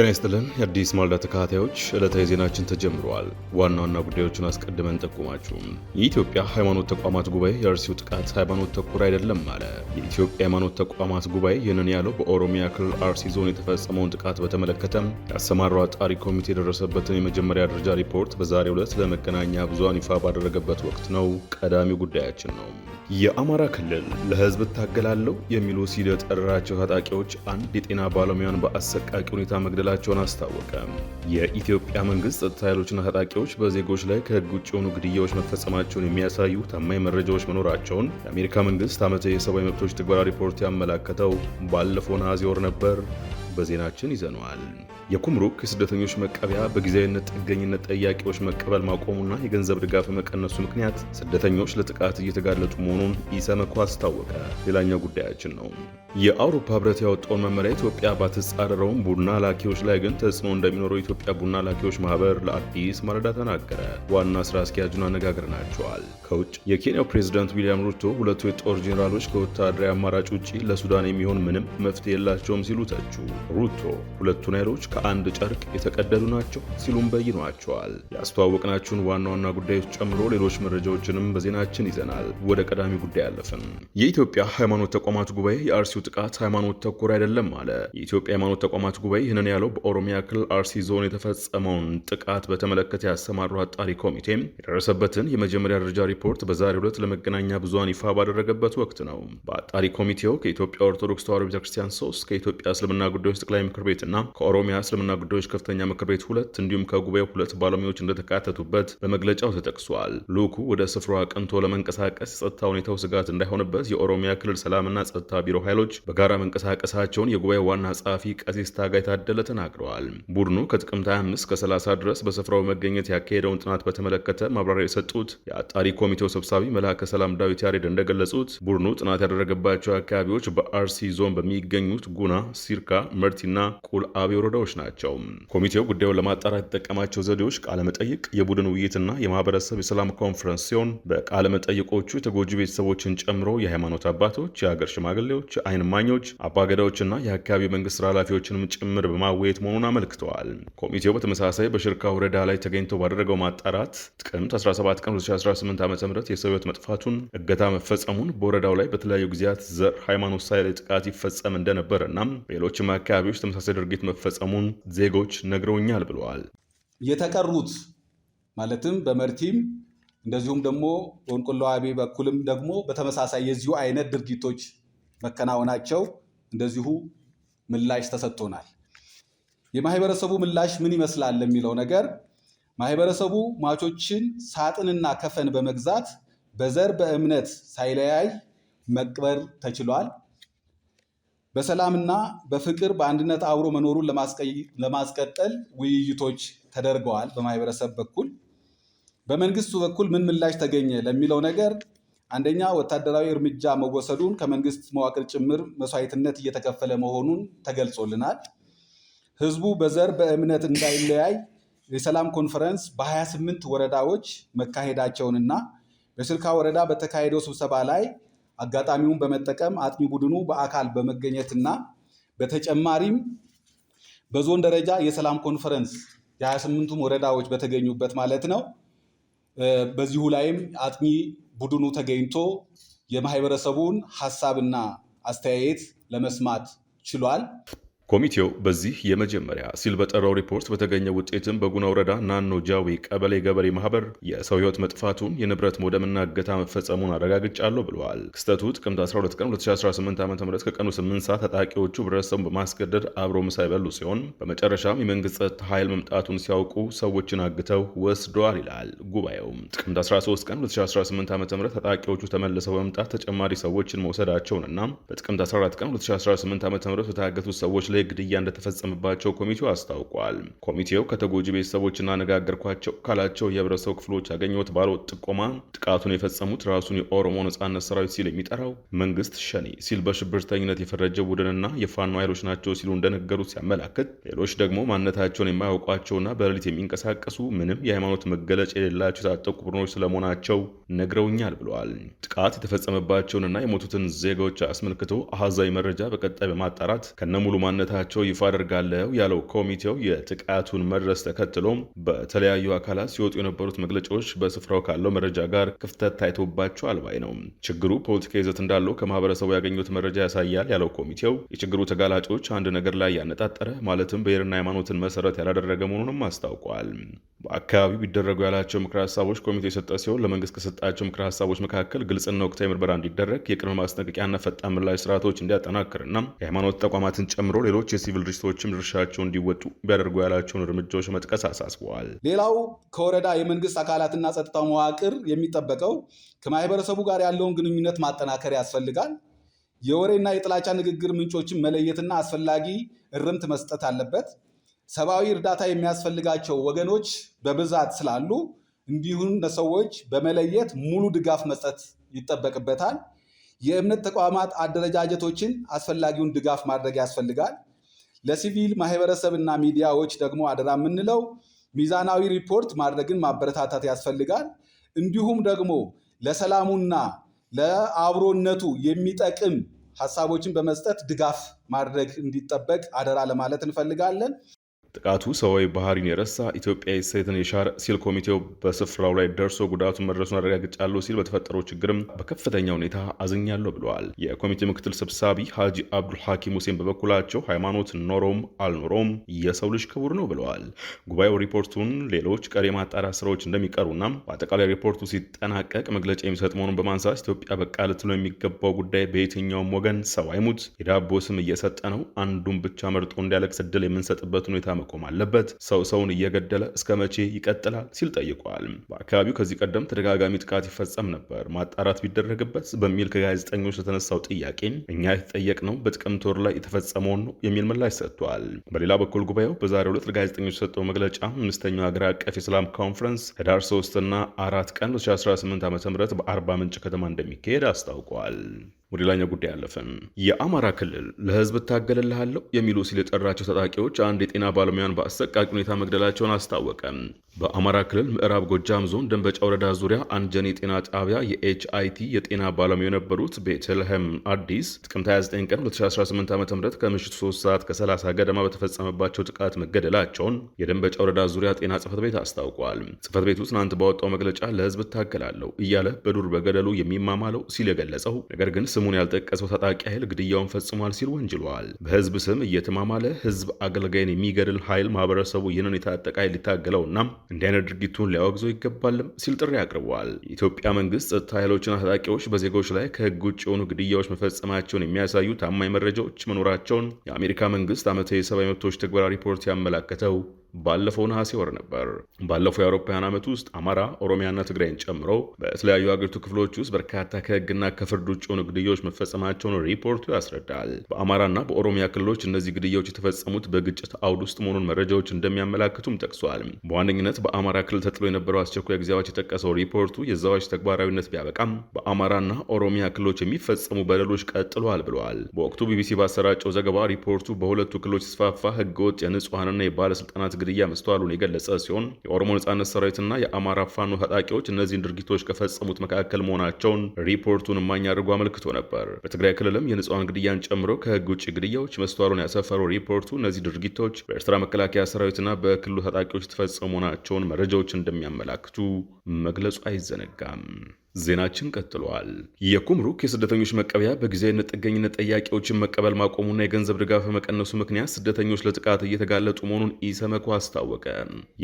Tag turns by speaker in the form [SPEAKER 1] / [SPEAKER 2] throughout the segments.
[SPEAKER 1] ጤና ይስጥልን የአዲስ ማለዳ ተከታታዮች፣ ዕለታዊ ዜናችን ተጀምረዋል። ዋና ዋና ጉዳዮቹን አስቀድመን ጠቁማችሁ የኢትዮጵያ ሃይማኖት ተቋማት ጉባኤ የአርሲው ጥቃት ሃይማኖት ተኮር አይደለም አለ። የኢትዮጵያ ሃይማኖት ተቋማት ጉባኤ ይህንን ያለው በኦሮሚያ ክልል አርሲ ዞን የተፈጸመውን ጥቃት በተመለከተም ያሰማረው አጣሪ ኮሚቴ የደረሰበትን የመጀመሪያ ደረጃ ሪፖርት በዛሬው ዕለት ለመገናኛ ብዙሃን ይፋ ባደረገበት ወቅት ነው። ቀዳሚው ጉዳያችን ነው። የአማራ ክልል ለህዝብ እታገላለሁ የሚሉ ሲል የጠራቸው ታጣቂዎች አንድ የጤና ባለሙያን በአሰቃቂ ሁኔታ መግደል መገደላቸውን አስታወቀ። የኢትዮጵያ መንግስት ጸጥታ ኃይሎችና ታጣቂዎች በዜጎች ላይ ከህግ ውጭ የሆኑ ግድያዎች መፈጸማቸውን የሚያሳዩ ታማኝ መረጃዎች መኖራቸውን የአሜሪካ መንግስት ዓመታዊ የሰብአዊ መብቶች ትግበራ ሪፖርት ያመላከተው ባለፈው ነሐሴ ወር ነበር። በዜናችን ይዘነዋል። የኩምሩክ የስደተኞች መቀበያ በጊዜያዊነት ጥገኝነት ጠያቂዎች መቀበል ማቆሙና የገንዘብ ድጋፍ መቀነሱ ምክንያት ስደተኞች ለጥቃት እየተጋለጡ መሆኑን ኢሰመኮ አስታወቀ። ሌላኛው ጉዳያችን ነው። የአውሮፓ ህብረት ያወጣውን መመሪያ ኢትዮጵያ ባትጻረረውም ቡና ላኪዎች ላይ ግን ተጽዕኖ እንደሚኖረው የኢትዮጵያ ቡና ላኪዎች ማህበር ለአዲስ ማለዳ ተናገረ። ዋና ስራ አስኪያጁን አነጋግረናቸዋል። ከውጭ የኬንያው ፕሬዝዳንት ዊሊያም ሩቶ ሁለቱ የጦር ጄኔራሎች ከወታደራዊ አማራጭ ውጭ ለሱዳን የሚሆን ምንም መፍትሄ የላቸውም ሲሉ ተቹ። ሩቶ ሁለቱን ኃይሎች ከአንድ ጨርቅ የተቀደዱ ናቸው ሲሉም በይኗቸዋል። ያስተዋወቅናችሁን ዋና ዋና ጉዳዮች ጨምሮ ሌሎች መረጃዎችንም በዜናችን ይዘናል። ወደ ቀዳሚ ጉዳይ አለፍን። የኢትዮጵያ ሃይማኖት ተቋማት ጉባኤ የአርሲው ጥቃት ሃይማኖት ተኮር አይደለም አለ። የኢትዮጵያ ሃይማኖት ተቋማት ጉባኤ ይህንን ያለው በኦሮሚያ ክልል አርሲ ዞን የተፈጸመውን ጥቃት በተመለከተ ያሰማሩ አጣሪ ኮሚቴ የደረሰበትን የመጀመሪያ ደረጃ ሪፖርት በዛሬው ዕለት ለመገናኛ ብዙሃን ይፋ ባደረገበት ወቅት ነው። በአጣሪ ኮሚቴው ከኢትዮጵያ ኦርቶዶክስ ተዋሕዶ ቤተክርስቲያን ሶስት ከኢትዮጵያ እስልምና ጉዳዮች ጠቅላይ ምክር ቤትና ከኦሮሚያ እስልምና ጉዳዮች ከፍተኛ ምክር ቤት ሁለት እንዲሁም ከጉባኤው ሁለት ባለሙያዎች እንደተካተቱበት በመግለጫው ተጠቅሷል። ልዑኩ ወደ ስፍራው አቅንቶ ለመንቀሳቀስ የጸጥታ ሁኔታው ስጋት እንዳይሆንበት የኦሮሚያ ክልል ሰላምና ጸጥታ ቢሮ ኃይሎች በጋራ መንቀሳቀሳቸውን የጉባኤ ዋና ጸሐፊ ቀሲስ ታጋይ ታደለ ተናግረዋል። ቡድኑ ከጥቅምት 25 እስከ 30 ድረስ በስፍራው መገኘት ያካሄደውን ጥናት በተመለከተ ማብራሪያ የሰጡት የአጣሪ ኮሚቴው ሰብሳቢ መልአከ ሰላም ዳዊት ያሬድ እንደገለጹት ቡድኑ ጥናት ያደረገባቸው አካባቢዎች በአርሲ ዞን በሚገኙት ጉና፣ ሲርካ፣ መርቲና ቁል አቤ ወረዳዎች ናቸው። ኮሚቴው ጉዳዩን ለማጣራት የተጠቀማቸው ዘዴዎች ቃለመጠይቅ፣ የቡድን ውይይትና የማህበረሰብ የሰላም ኮንፈረንስ ሲሆን በቃለመጠይቆቹ የተጎጂ ቤተሰቦችን ጨምሮ የሃይማኖት አባቶች፣ የሀገር ሽማግሌዎች፣ የአይን እማኞች፣ አባገዳዎችና የአካባቢ መንግስት ስራ ኃላፊዎችንም ጭምር በማወየት መሆኑን አመልክተዋል። ኮሚቴው በተመሳሳይ በሽርካ ወረዳ ላይ ተገኝቶ ባደረገው ማጣራት ጥቅምት 17 ቀን 2018 ዓ ም የሰው ህይወት መጥፋቱን፣ እገታ መፈጸሙን፣ በወረዳው ላይ በተለያዩ ጊዜያት ዘር፣ ሃይማኖት ሳይል ጥቃት ይፈጸም እና በሌሎችም አካባቢዎች ተመሳሳይ ድርጊት መፈጸሙን ዜጎች ነግረውኛል ብለዋል።
[SPEAKER 2] የተቀሩት ማለትም በመርቲም እንደዚሁም ደግሞ በወንቆሎ አቤ በኩልም ደግሞ በተመሳሳይ የዚሁ አይነት ድርጊቶች መከናወናቸው እንደዚሁ ምላሽ ተሰጥቶናል። የማህበረሰቡ ምላሽ ምን ይመስላል የሚለው ነገር ማህበረሰቡ ሟቾችን ሳጥንና ከፈን በመግዛት በዘር በእምነት ሳይለያይ መቅበር ተችሏል። በሰላምና በፍቅር በአንድነት አብሮ መኖሩን ለማስቀጠል ውይይቶች ተደርገዋል። በማህበረሰብ በኩል በመንግስቱ በኩል ምን ምላሽ ተገኘ ለሚለው ነገር አንደኛ ወታደራዊ እርምጃ መወሰዱን ከመንግስት መዋቅር ጭምር መስዋዕትነት እየተከፈለ መሆኑን ተገልጾልናል። ህዝቡ በዘር በእምነት እንዳይለያይ የሰላም ኮንፈረንስ በ28 ወረዳዎች መካሄዳቸውንና በስልካ ወረዳ በተካሄደው ስብሰባ ላይ አጋጣሚውን በመጠቀም አጥኚ ቡድኑ በአካል በመገኘትና በተጨማሪም በዞን ደረጃ የሰላም ኮንፈረንስ የ28ቱም ወረዳዎች በተገኙበት ማለት ነው በዚሁ ላይም አጥኚ ቡድኑ ተገኝቶ የማህበረሰቡን ሀሳብና አስተያየት ለመስማት ችሏል።
[SPEAKER 1] ኮሚቴው በዚህ የመጀመሪያ ሲል በጠራው ሪፖርት በተገኘ ውጤትም በጉና ወረዳ ናኖ ጃዊ ቀበሌ ገበሬ ማህበር የሰው ህይወት መጥፋቱን የንብረት ሞደምና እገታ መፈጸሙን አረጋግጫለሁ ብለዋል። ክስተቱ ጥቅምት 12 ቀን 2018 ዓ ም ከቀኑ 8 ሰዓት ታጣቂዎቹ ብረተሰቡን በማስገደድ አብሮ ምሳ ይበሉ ሲሆን በመጨረሻም የመንግስት ጸጥታ ኃይል መምጣቱን ሲያውቁ ሰዎችን አግተው ወስደዋል ይላል ጉባኤውም። ጥቅምት 13 ቀን 2018 ዓ ም ታጣቂዎቹ ተመልሰው በመምጣት ተጨማሪ ሰዎችን መውሰዳቸውንና በጥቅምት 14 ቀን 2018 ዓ ም በታገቱት ሰዎች ላይ ግድያ እንደተፈጸመባቸው ኮሚቴው አስታውቋል። ኮሚቴው ከተጎጂ ቤተሰቦችና አነጋገርኳቸው ካላቸው የህብረተሰቡ ክፍሎች ያገኘሁት ባለው ጥቆማ ጥቃቱን የፈጸሙት ራሱን የኦሮሞ ነጻነት ሰራዊት ሲል የሚጠራው መንግስት ሸኔ ሲል በሽብርተኝነት የፈረጀ ቡድንና የፋኖ ኃይሎች ናቸው ሲሉ እንደነገሩት ሲያመላክት፣ ሌሎች ደግሞ ማንነታቸውን የማያውቋቸውና በሌሊት የሚንቀሳቀሱ ምንም የሃይማኖት መገለጫ የሌላቸው የታጠቁ ቡድኖች ስለመሆናቸው ነግረውኛል ብለዋል። ጥቃት የተፈጸመባቸውንና የሞቱትን ዜጋዎች አስመልክቶ አሃዛዊ መረጃ በቀጣይ በማጣራት ከነሙሉ ማነ ማንነታቸው ይፋ አደርጋለሁ ያለው ኮሚቴው የጥቃቱን መድረስ ተከትሎም በተለያዩ አካላት ሲወጡ የነበሩት መግለጫዎች በስፍራው ካለው መረጃ ጋር ክፍተት ታይቶባቸው አልባይ ነው። ችግሩ ፖለቲካ ይዘት እንዳለው ከማህበረሰቡ ያገኙት መረጃ ያሳያል ያለው ኮሚቴው የችግሩ ተጋላጮች አንድ ነገር ላይ ያነጣጠረ ማለትም ብሔርና ሃይማኖትን መሰረት ያላደረገ መሆኑንም አስታውቋል። በአካባቢው ቢደረጉ ያላቸው ምክረ ሀሳቦች ኮሚቴው የሰጠ ሲሆን ለመንግስት ከሰጣቸው ምክረ ሀሳቦች መካከል ግልጽና ወቅታዊ ምርመራ እንዲደረግ፣ የቅድመ ማስጠንቀቂያና ፈጣን ምላሽ ስርዓቶች እንዲያጠናክርና የሃይማኖት ተቋማትን ጨምሮ ሌሎች የሲቪል ድርጅቶችም ድርሻቸው እንዲወጡ ቢያደርጉ ያላቸውን እርምጃዎች መጥቀስ አሳስበዋል።
[SPEAKER 2] ሌላው ከወረዳ የመንግስት አካላትና ጸጥታ መዋቅር የሚጠበቀው ከማህበረሰቡ ጋር ያለውን ግንኙነት ማጠናከር ያስፈልጋል። የወሬና የጥላቻ ንግግር ምንጮችን መለየትና አስፈላጊ እርምት መስጠት አለበት። ሰብአዊ እርዳታ የሚያስፈልጋቸው ወገኖች በብዛት ስላሉ እንዲሁም ለሰዎች በመለየት ሙሉ ድጋፍ መስጠት ይጠበቅበታል። የእምነት ተቋማት አደረጃጀቶችን አስፈላጊውን ድጋፍ ማድረግ ያስፈልጋል። ለሲቪል ማህበረሰብ እና ሚዲያዎች ደግሞ አደራ የምንለው ሚዛናዊ ሪፖርት ማድረግን ማበረታታት ያስፈልጋል። እንዲሁም ደግሞ ለሰላሙና ለአብሮነቱ የሚጠቅም ሀሳቦችን በመስጠት ድጋፍ ማድረግ እንዲጠበቅ አደራ ለማለት እንፈልጋለን።
[SPEAKER 1] ጥቃቱ ሰዋዊ ባህሪን የረሳ ኢትዮጵያ ሴትን የሻረ ሲል ኮሚቴው በስፍራው ላይ ደርሶ ጉዳቱ መድረሱን አረጋግጫለሁ ሲል በተፈጠረው ችግርም በከፍተኛ ሁኔታ አዝኛለሁ ብለዋል። የኮሚቴው ምክትል ሰብሳቢ ሀጂ አብዱል ሐኪም ሁሴን በበኩላቸው ሃይማኖት ኖሮም አልኖሮም የሰው ልጅ ክቡር ነው ብለዋል። ጉባኤው ሪፖርቱን ሌሎች ቀሪ ማጣሪያ ስራዎች እንደሚቀሩና በአጠቃላይ ሪፖርቱ ሲጠናቀቅ መግለጫ የሚሰጥ መሆኑን በማንሳት ኢትዮጵያ በቃ ልትለው የሚገባው ጉዳይ በየትኛውም ወገን ሰው አይሙት፣ የዳቦ ስም እየሰጠ ነው አንዱን ብቻ መርጦ እንዲያለቅስ ዕድል የምንሰጥበት ሁኔታ መቆም አለበት። ሰው ሰውን እየገደለ እስከ መቼ ይቀጥላል ሲል ጠይቋል። በአካባቢው ከዚህ ቀደም ተደጋጋሚ ጥቃት ይፈጸም ነበር፣ ማጣራት ቢደረግበት በሚል ከጋዜጠኞች ለተነሳው ጥያቄ እኛ የተጠየቅነው በጥቅምት ወር ላይ የተፈጸመውን ነው የሚል ምላሽ ሰጥቷል። በሌላ በኩል ጉባኤው በዛሬው ዕለት ለጋዜጠኞች የሰጠው መግለጫ አምስተኛው ሀገር አቀፍ የሰላም ኮንፈረንስ ህዳር 3 እና 4 ቀን 2018 ዓ ም በአርባ ምንጭ ከተማ እንደሚካሄድ አስታውቋል። ወደ ሌላኛው ጉዳይ አለፈም። የአማራ ክልል ለህዝብ እታገልልሃለሁ የሚሉ ሲል የጠራቸው ታጣቂዎች አንድ የጤና ባለሙያን በአሰቃቂ ሁኔታ መግደላቸውን አስታወቀ። በአማራ ክልል ምዕራብ ጎጃም ዞን ደንበጫ ወረዳ ዙሪያ አንጀን ጤና ጣቢያ የኤችአይቲ የጤና ባለሙያ የነበሩት ቤተልሔም አዲስ ጥቅምት 29 ቀን 2018 ዓ ም ከምሽቱ 3 ሰዓት ከ30 ገደማ በተፈጸመባቸው ጥቃት መገደላቸውን የደንበጫ ወረዳ ዙሪያ ጤና ጽህፈት ቤት አስታውቋል። ጽህፈት ቤቱ ትናንት ባወጣው መግለጫ ለህዝብ እታገላለሁ እያለ በዱር በገደሉ የሚማማለው ሲል የገለጸው ነገር ግን ስሙን ያልጠቀሰው ታጣቂ ኃይል ግድያውን ፈጽሟል ሲል ወንጅሏል። በህዝብ ስም እየተማማለ ህዝብ አገልጋይን የሚገድል ኃይል ማህበረሰቡ ይህንን የታጠቀ ኃይል ሊታገለውና እንዲህ አይነት ድርጊቱን ሊያወግዘው ይገባልም ሲል ጥሪ አቅርቧል። የኢትዮጵያ መንግስት ጸጥታ ኃይሎችና ታጣቂዎች በዜጎች ላይ ከህግ ውጭ የሆኑ ግድያዎች መፈጸማቸውን የሚያሳዩ ታማኝ መረጃዎች መኖራቸውን የአሜሪካ መንግስት ዓመታዊ የሰብአዊ መብቶች ትግበራ ሪፖርት ያመላከተው ባለፈው ነሐሴ ወር ነበር። ባለፈው የአውሮፓውያን ዓመት ውስጥ አማራ፣ ኦሮሚያና ትግራይን ጨምሮ በተለያዩ አገሪቱ ክፍሎች ውስጥ በርካታ ከህግና ከፍርድ ውጭ የሆኑ ግድያ ግድያዎች መፈጸማቸውን ሪፖርቱ ያስረዳል። በአማራና በኦሮሚያ ክልሎች እነዚህ ግድያዎች የተፈጸሙት በግጭት አውድ ውስጥ መሆኑን መረጃዎች እንደሚያመላክቱም ጠቅሷል። በዋነኝነት በአማራ ክልል ተጥሎ የነበረው አስቸኳይ ጊዜ አዋጅ የጠቀሰው ሪፖርቱ የዛዋች አዋጅ ተግባራዊነት ቢያበቃም በአማራና ኦሮሚያ ክልሎች የሚፈጸሙ በደሎች ቀጥለዋል ብለዋል። በወቅቱ ቢቢሲ ባሰራጨው ዘገባ ሪፖርቱ በሁለቱ ክልሎች ስፋፋ ህገወጥ የንጹሐንና የባለስልጣናት ግድያ መስተዋሉን የገለጸ ሲሆን የኦሮሞ ነጻነት ሰራዊትና የአማራ ፋኖ ታጣቂዎች እነዚህን ድርጊቶች ከፈጸሙት መካከል መሆናቸውን ሪፖርቱን እማኝ አድርጎ አመልክቶ ነበር። በትግራይ ክልልም የንጹሐን ግድያን ጨምሮ ከህግ ውጭ ግድያዎች መስተዋሉን ያሰፈረው ሪፖርቱ እነዚህ ድርጊቶች በኤርትራ መከላከያ ሰራዊትና በክልሉ ታጣቂዎች የተፈጸሙ መሆናቸውን መረጃዎች እንደሚያመላክቱ መግለጹ አይዘነጋም። ዜናችን ቀጥሏል። የኩምሩክ የስደተኞች መቀበያ በጊዜያዊነት ጥገኝነት ጠያቂዎችን መቀበል ማቆሙና የገንዘብ ድጋፍ በመቀነሱ ምክንያት ስደተኞች ለጥቃት እየተጋለጡ መሆኑን ኢሰመኮ አስታወቀ።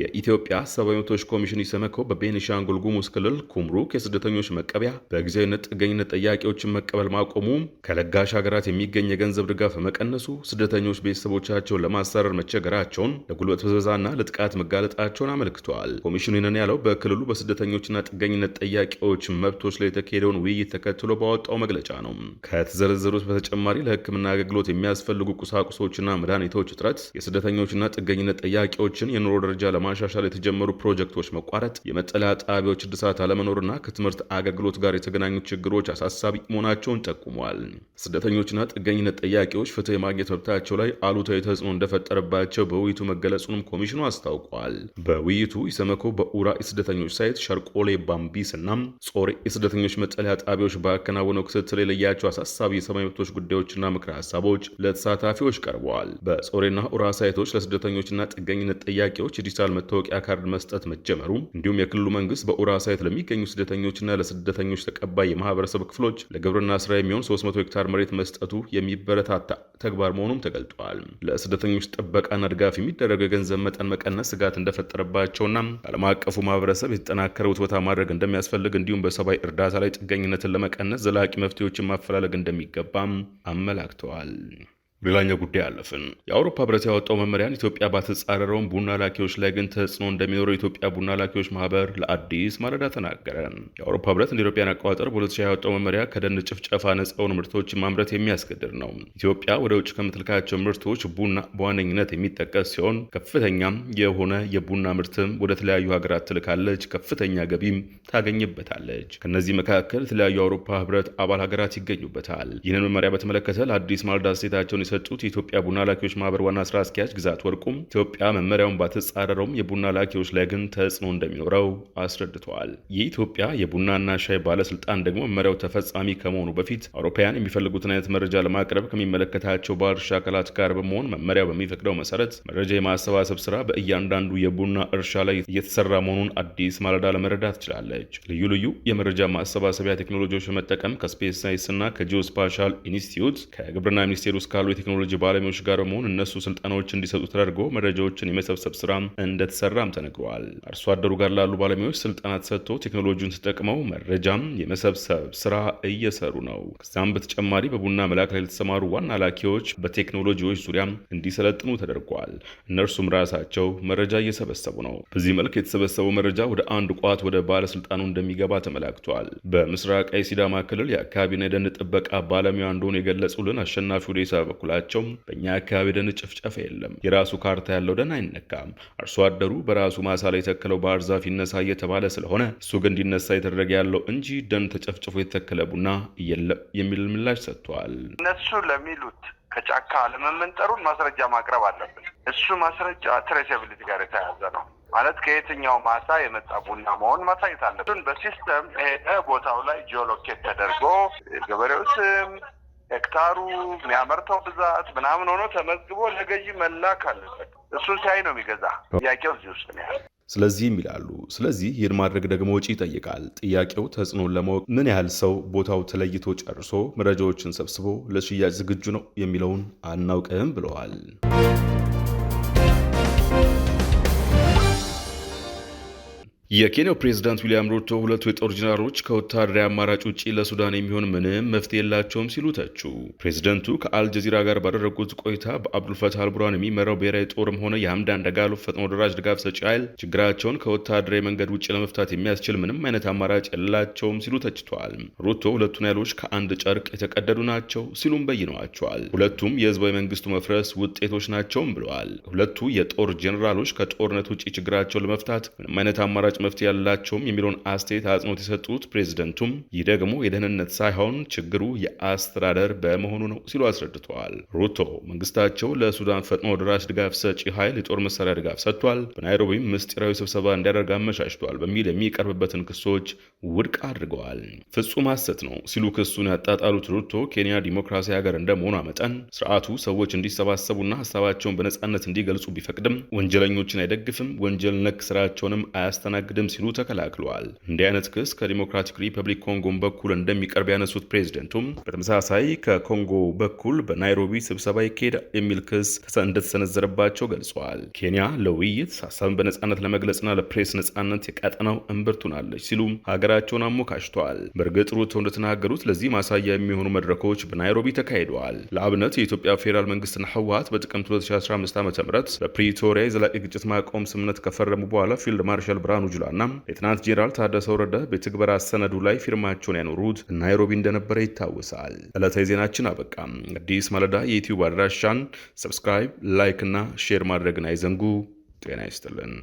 [SPEAKER 1] የኢትዮጵያ ሰብአዊ መብቶች ኮሚሽን ኢሰመኮ በቤኒሻንጉል ጉሙዝ ክልል ጉምሩክ የስደተኞች መቀበያ በጊዜያዊነት ጥገኝነት ጠያቂዎችን መቀበል ማቆሙ፣ ከለጋሽ ሀገራት የሚገኝ የገንዘብ ድጋፍ በመቀነሱ ስደተኞች ቤተሰቦቻቸውን ለማሰረር መቸገራቸውን፣ ለጉልበት ብዝበዛና ለጥቃት መጋለጣቸውን አመልክቷል። ኮሚሽኑ ይህንን ያለው በክልሉ በስደተኞችና ጥገኝነት ጠያቂዎች መብቶች ላይ የተካሄደውን ውይይት ተከትሎ ባወጣው መግለጫ ነው። ከተዘረዘሩት በተጨማሪ ለሕክምና አገልግሎት የሚያስፈልጉ ቁሳቁሶችና መድኃኒቶች እጥረት፣ የስደተኞችና ጥገኝነት ጠያቂዎችን የኑሮ ደረጃ ለማሻሻል የተጀመሩ ፕሮጀክቶች መቋረጥ፣ የመጠለያ ጣቢያዎች እድሳት አለመኖርና ከትምህርት አገልግሎት ጋር የተገናኙ ችግሮች አሳሳቢ መሆናቸውን ጠቁመዋል። ስደተኞችና ጥገኝነት ጠያቂዎች ፍትህ የማግኘት መብታቸው ላይ አሉታዊ ተጽዕኖ እንደፈጠረባቸው በውይይቱ መገለጹንም ኮሚሽኑ አስታውቋል። በውይይቱ ኢሰመኮ በኡራ የስደተኞች ሳይት ሸርቆሌ ባምቢስ ጾ ጦር የስደተኞች መጠለያ ጣቢያዎች ባከናወነው ክትትል የለያቸው አሳሳቢ የሰብአዊ መብቶች ጉዳዮችና ምክረ ሀሳቦች ለተሳታፊዎች ቀርበዋል። በጾሬና ኡራ ሳይቶች ለስደተኞችና ጥገኝነት ጥያቄዎች የዲጂታል መታወቂያ ካርድ መስጠት መጀመሩ እንዲሁም የክልሉ መንግስት በኡራ ሳይት ለሚገኙ ስደተኞችና ለስደተኞች ተቀባይ የማህበረሰብ ክፍሎች ለግብርና ስራ የሚሆን 300 ሄክታር መሬት መስጠቱ የሚበረታታ ተግባር መሆኑም ተገልጧል። ለስደተኞች ጥበቃና ድጋፍ የሚደረገው የገንዘብ መጠን መቀነስ ስጋት እንደፈጠረባቸውና ዓለም አቀፉ ማህበረሰብ የተጠናከረ ውትወታ ማድረግ እንደሚያስፈልግ እንዲሁም በሰብአዊ እርዳታ ላይ ጥገኝነትን ለመቀነስ ዘላቂ መፍትሄዎችን ማፈላለግ እንደሚገባም አመላክተዋል። ሌላኛው ጉዳይ አለፍን። የአውሮፓ ህብረት ያወጣው መመሪያን ኢትዮጵያ ባትጻረረውን ቡና ላኪዎች ላይ ግን ተጽዕኖ እንደሚኖረው የኢትዮጵያ ቡና ላኪዎች ማህበር ለአዲስ ማለዳ ተናገረ። የአውሮፓ ህብረት እንደ ኢትዮጵያን አቆጣጠር በ2020 ያወጣው መመሪያ ከደን ጭፍጨፋ ነጻ የሆኑ ምርቶችን ማምረት የሚያስገድድ ነው። ኢትዮጵያ ወደ ውጭ ከምትልካቸው ምርቶች ቡና በዋነኝነት የሚጠቀስ ሲሆን ከፍተኛም የሆነ የቡና ምርትም ወደ ተለያዩ ሀገራት ትልካለች፣ ከፍተኛ ገቢም ታገኝበታለች። ከእነዚህ መካከል የተለያዩ የአውሮፓ ህብረት አባል ሀገራት ይገኙበታል። ይህንን መመሪያ በተመለከተ ለአዲስ ማለዳ ሴታቸውን የሰጡት የኢትዮጵያ ቡና ላኪዎች ማህበር ዋና ስራ አስኪያጅ ግዛት ወርቁም ኢትዮጵያ መመሪያውን ባተጻረረውም የቡና ላኪዎች ላይ ግን ተጽዕኖ እንደሚኖረው አስረድተዋል። የኢትዮጵያ የቡናና ሻይ ባለስልጣን ደግሞ መመሪያው ተፈጻሚ ከመሆኑ በፊት አውሮፓውያን የሚፈልጉትን አይነት መረጃ ለማቅረብ ከሚመለከታቸው ባለድርሻ አካላት ጋር በመሆን መመሪያው በሚፈቅደው መሰረት መረጃ የማሰባሰብ ስራ በእያንዳንዱ የቡና እርሻ ላይ እየተሰራ መሆኑን አዲስ ማለዳ ለመረዳት ትችላለች። ልዩ ልዩ የመረጃ ማሰባሰቢያ ቴክኖሎጂዎች በመጠቀም ከስፔስ ሳይንስ እና ከጂኦስፓሻል ኢንስቲትዩት ከግብርና ሚኒስቴር ውስጥ ካሉ ቴክኖሎጂ ባለሙያዎች ጋር በመሆን እነሱ ስልጠናዎች እንዲሰጡ ተደርጎ መረጃዎችን የመሰብሰብ ስራ እንደተሰራም ተነግረዋል። አርሶ አደሩ ጋር ላሉ ባለሙያዎች ስልጠና ተሰጥቶ ቴክኖሎጂውን ተጠቅመው መረጃም የመሰብሰብ ስራ እየሰሩ ነው። ከዛም በተጨማሪ በቡና መላክ ላይ ለተሰማሩ ዋና ላኪዎች በቴክኖሎጂዎች ዙሪያ እንዲሰለጥኑ ተደርጓል። እነርሱም ራሳቸው መረጃ እየሰበሰቡ ነው። በዚህ መልክ የተሰበሰበው መረጃ ወደ አንድ ቋት ወደ ባለስልጣኑ እንደሚገባ ተመላክቷል። በምስራቅ ሲዳማ ክልል የአካባቢና የደን ጥበቃ ባለሙያ እንደሆኑ የገለጹልን አሸናፊ ሁዴሳ በኩል በበኩላቸው በእኛ አካባቢ ደን ጭፍጨፈ የለም፣ የራሱ ካርታ ያለው ደን አይነካም። አርሶ አደሩ በራሱ ማሳ ላይ የተከለው ባህር ዛፍ ይነሳ እየተባለ ስለሆነ እሱ ግን እንዲነሳ የተደረገ ያለው እንጂ ደን ተጨፍጭፎ የተከለ ቡና የለም የሚል ምላሽ ሰጥቷል።
[SPEAKER 3] እነሱ ለሚሉት ከጫካ አለመመንጠሩን ማስረጃ ማቅረብ አለብን። እሱ ማስረጃ ትሬሴብሊቲ ጋር የተያያዘ ነው ማለት ከየትኛው ማሳ የመጣ ቡና መሆን ማሳየት አለብን። በሲስተም ሄደ ቦታው ላይ ጂኦሎኬት ተደርጎ ገበሬው ስም ሄክታሩ የሚያመርተው ብዛት ምናምን ሆኖ ተመዝግቦ ለገዢ መላክ አለበት። እሱን ሲያይ ነው የሚገዛ። ጥያቄው እዚህ ውስጥ ነው ያለ።
[SPEAKER 1] ስለዚህም ይላሉ። ስለዚህ ይህን ማድረግ ደግሞ ወጪ ይጠይቃል። ጥያቄው ተጽዕኖን ለማወቅ ምን ያህል ሰው ቦታው ተለይቶ ጨርሶ መረጃዎችን ሰብስቦ ለሽያጭ ዝግጁ ነው የሚለውን አናውቅም ብለዋል። የኬንያው ፕሬዝዳንት ዊሊያም ሩቶ ሁለቱ የጦር ጀነራሎች ከወታደራዊ አማራጭ ውጪ ለሱዳን የሚሆን ምንም መፍትሄ የላቸውም ሲሉ ተቹ። ፕሬዝደንቱ ከአልጀዚራ ጋር ባደረጉት ቆይታ በአብዱልፈታህ አልቡርሃን የሚመራው ብሔራዊ ጦርም ሆነ የሐምዳን ደጋሎ ፈጥኖ ደራጅ ድጋፍ ሰጪ ኃይል ችግራቸውን ከወታደራዊ መንገድ ውጭ ለመፍታት የሚያስችል ምንም አይነት አማራጭ የላቸውም ሲሉ ተችተዋል። ሩቶ ሁለቱን ኃይሎች ከአንድ ጨርቅ የተቀደዱ ናቸው ሲሉም በይነዋቸዋል። ሁለቱም የህዝባዊ መንግስቱ መፍረስ ውጤቶች ናቸውም ብለዋል። ሁለቱ የጦር ጀኔራሎች ከጦርነት ውጭ ችግራቸውን ለመፍታት ምንም አይነት አማራጭ መፍትሄ ያላቸውም የሚለውን አስተያየት አጽንኦት የሰጡት ፕሬዚደንቱም ይህ ደግሞ የደህንነት ሳይሆን ችግሩ የአስተዳደር በመሆኑ ነው ሲሉ አስረድተዋል። ሩቶ መንግስታቸው ለሱዳን ፈጥኖ ደራሽ ድጋፍ ሰጪ ኃይል የጦር መሳሪያ ድጋፍ ሰጥቷል፣ በናይሮቢም ምስጢራዊ ስብሰባ እንዲያደርግ አመቻችቷል በሚል የሚቀርብበትን ክሶች ውድቅ አድርገዋል። ፍጹም ሐሰት ነው ሲሉ ክሱን ያጣጣሉት ሩቶ ኬንያ ዲሞክራሲያዊ ሀገር እንደመሆኗ መጠን ስርዓቱ ሰዎች እንዲሰባሰቡና ሀሳባቸውን በነጻነት እንዲገልጹ ቢፈቅድም ወንጀለኞችን አይደግፍም፣ ወንጀል ነክ ስራቸውንም አያስተናግ አያስተናግድም ሲሉ ተከላክለዋል። እንዲህ አይነት ክስ ከዲሞክራቲክ ሪፐብሊክ ኮንጎን በኩል እንደሚቀርብ ያነሱት ፕሬዚደንቱም በተመሳሳይ ከኮንጎ በኩል በናይሮቢ ስብሰባ ይካሄድ የሚል ክስ እንደተሰነዘረባቸው ገልጸዋል። ኬንያ ለውይይት ሀሳብን በነጻነት ለመግለጽና ለፕሬስ ነጻነት የቀጠናው እምብርቱ ናለች ሲሉ ሀገራቸውን አሞካሽተዋል። በእርግጥ ሩቶ እንደተናገሩት ለዚህ ማሳያ የሚሆኑ መድረኮች በናይሮቢ ተካሂደዋል። ለአብነት የኢትዮጵያ ፌዴራል መንግስትና ህወሀት በጥቅምት 2015 ዓ ም በፕሪቶሪያ የዘላቂ ግጭት ማቆም ስምምነት ከፈረሙ በኋላ ፊልድ ማርሻል ብርሃኑ ጁላና የትናንት ጄኔራል ታደሰ ወረደ በትግበራ ሰነዱ ላይ ፊርማቸውን ያኖሩት ናይሮቢ እንደነበረ ይታወሳል። ዕለታዊ ዜናችን አበቃ። አዲስ ማለዳ የዩትዩብ አድራሻን ሰብስክራይብ፣ ላይክ እና ሼር ማድረግን አይዘንጉ። ጤና ይስጥልን።